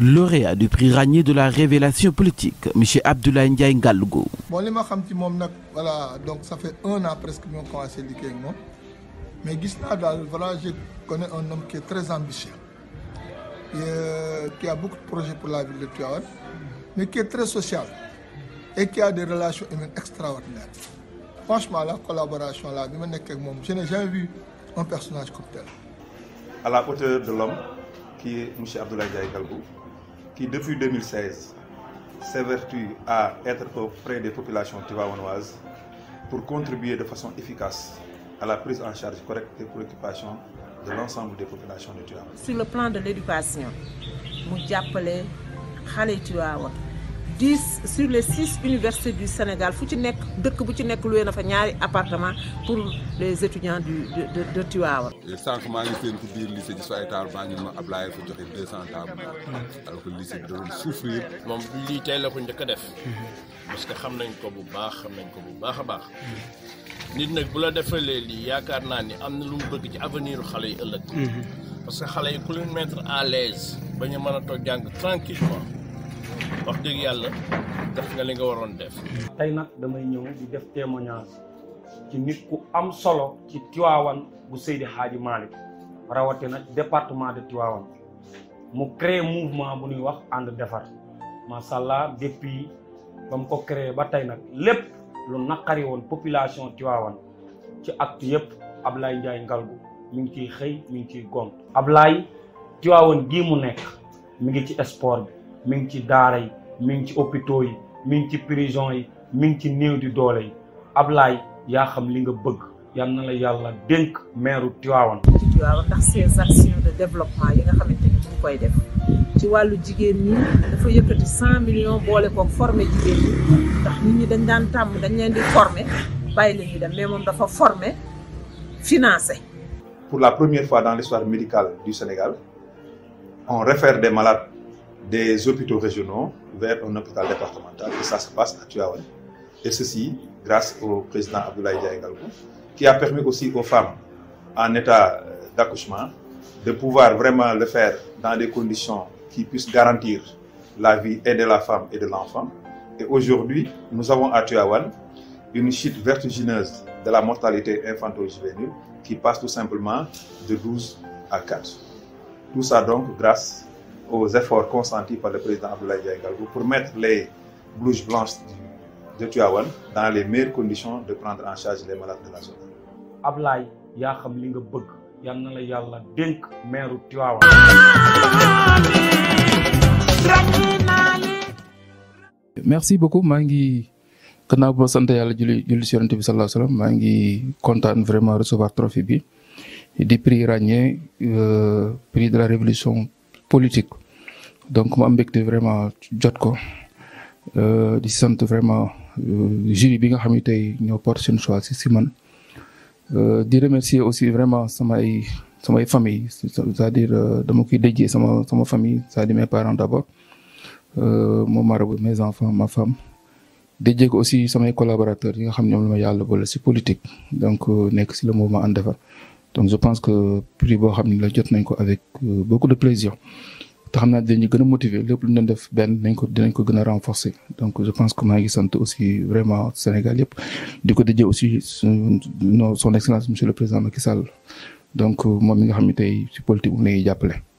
Lauréat du prix Ragné de la révélation politique, M. Abdoulaye Ndiaye Ngalgo. Bon, ce que je sais, voilà, donc ça fait un an presque que j'ai commencé à avec moi. Mais voilà, je connais un homme qui est très ambitieux, et, euh, qui a beaucoup de projets pour la ville de Tuaouane, mais qui est très social et qui a des relations extraordinaires. Franchement, la collaboration, là, je n'ai jamais vu un personnage comme tel. À la hauteur de l'homme, qui est M. Abdoulaye Galbou, qui depuis 2016 s'évertue à être auprès des populations tivaouanoises pour contribuer de façon efficace à la prise en charge correcte des préoccupations de l'ensemble des populations de Tuawa. Sur le plan de l'éducation, nous appelons Khalé Tuawa dix sur les 6 universités du Sénégal fu ci nekk dëkk bu ci nekk luwee fa ñaari appartement pour les étudiants du de de de Tivaouane. sànq maa ngi seen ci biir lycée ci ay taal baa ñu ma joxe deux cent tables. alors que lycée bi doon souffrir. moom lii tey la ko njëkk def. parce que xam nañ ko bu baax xam nañ ko bu baax a baax. nit nak bu la defalee lii yaakaar naa ni am na lu mu bëgg ci avenir xale yi ëllëg. Mhm. parce que xale yi ku leen mettre à l'aise ba ñu mën a toog jàng tranquillement wax dëgg yàlla def nga li nga waroon def tey damay di def témoignage ci nit ku am solo ci Tiwaawan bu Seydi malik. Malick rawatina département de Tiwaawan mu créé mouvement bu ñuy wax ànd defar macha allah depuis ba mu ko créé ba tey nag lépp lu naqari woon population Tiwaawan ci acte yëpp Ablaye Ndiaye Ngalgu mi ngi ciy xëy mi ngi ciy gont Ablaye mu mi ngi ci sport mi ngi ci daara yi mi ci hôpitaux yi mi ci prison yi mi ci néew di doole yi Ablaye yaa xam li nga bëgg yal na la yàlla dénk meeru Tivaouane. ci Tivaouane ndax ses actions de développement yi nga xamante ni mu koy def ci wàllu jigéen ñi dafa yëkkati 100 millions boole ko formé jigéen ñi ndax nit ñi dañ daan tàmm dañ leen di formé bàyyi la ñuy dem mais moom dafa formé financer. pour la première fois dans l'histoire médicale du Sénégal on réfère des malades des hôpitaux régionaux vers un hôpital départemental et ça se passe à Tuaouane. Et ceci grâce au président Abdoulaye Diaye qui a permis aussi aux femmes en état euh, d'accouchement de pouvoir vraiment le faire dans des conditions qui puissent garantir la vie et de la femme et de l'enfant. Et aujourd'hui, nous avons à Tuawan une chute vertigineuse de la mortalité infantile juvénile qui passe tout simplement de 12 à 4. Tout ça donc grâce aux efforts consentis par le président Abdoulaye Diagalgo pour mettre les blouses blanches de Tuawan dans les meilleures conditions de prendre en charge les malades de la zone. Ablaye ya xam li nga bëgg yalla na la yalla dénk merci beaucoup mangi ngi gannaaw ba sante yalla julli julli sallallahu alayhi wasallam vraiment recevoir trophée bi des prix iraniens, euh, prix de la révolution politique donc je am vraiment jot ko euh, di sant vraiment euh, jury bi nga xamni tay ñoo porte une choix ci si euh di remercier aussi vraiment sama ay sama ay famille c'est-à-dire euh, dama koy déjee sama sama famille c'est-à-dire mes parents d'abord mon mari mes enfants ma femme déjee aussi samay collaborateurs yi nga xamni ñom ñoom la ma yàlla politique donc nek ci le mouvement en devant donc je pense que prix bo xamni la jot nañ ko avec euh, beaucoup de plaisir te xam naa dinañu gën a motiver lépp lu ñu doon def ben nañ ko dinañ ko gëna renforcer donc je pense que ma ngi sante aussi vraiment Sénégal yépp di ko aussi son excellence monsieur le président Macky Sall donc euh, moom mi nga xam ne tey ci politique mu lay jàppale.